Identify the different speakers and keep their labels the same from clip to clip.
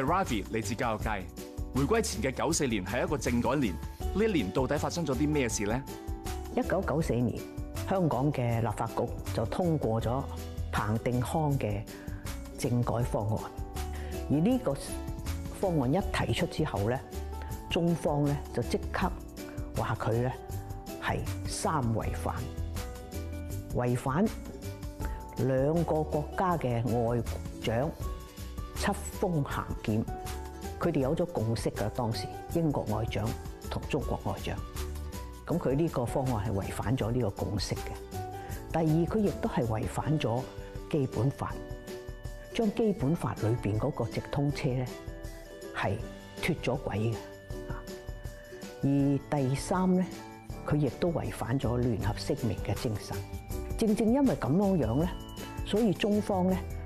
Speaker 1: 係 Ravi 嚟自教育界回歸前嘅九四年係一個政改年，呢一年到底發生咗啲咩事咧？一九九四年，香港嘅立法局就通過咗彭定康嘅政改方案，而呢個方案一提出之後咧，中方咧就即刻話佢咧係三違反，違反兩個國家嘅外長。七封函件，佢哋有咗共識嘅。當時英國外長同中國外長，咁佢呢個方案係違反咗呢個共識嘅。第二，佢亦都係違反咗基本法，將基本法裏邊嗰個直通車咧係脫咗軌嘅。而第三咧，佢亦都違反咗聯合聲明嘅精神。正正因為咁樣樣咧，所以中方咧。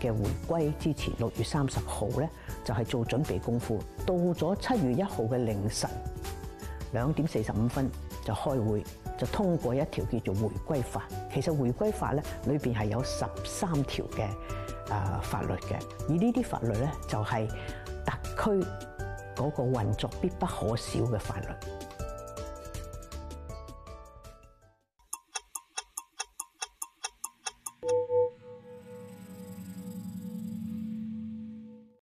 Speaker 1: 嘅回歸之前，六月三十號咧就係、是、做準備功夫，到咗七月一號嘅凌晨兩點四十五分就開會，就通過一條叫做《回歸法》。其實《回歸法》呢咧裏面係有十三條嘅啊、呃、法律嘅，而呢啲法律咧就係、是、特區嗰個運作必不可少嘅法律。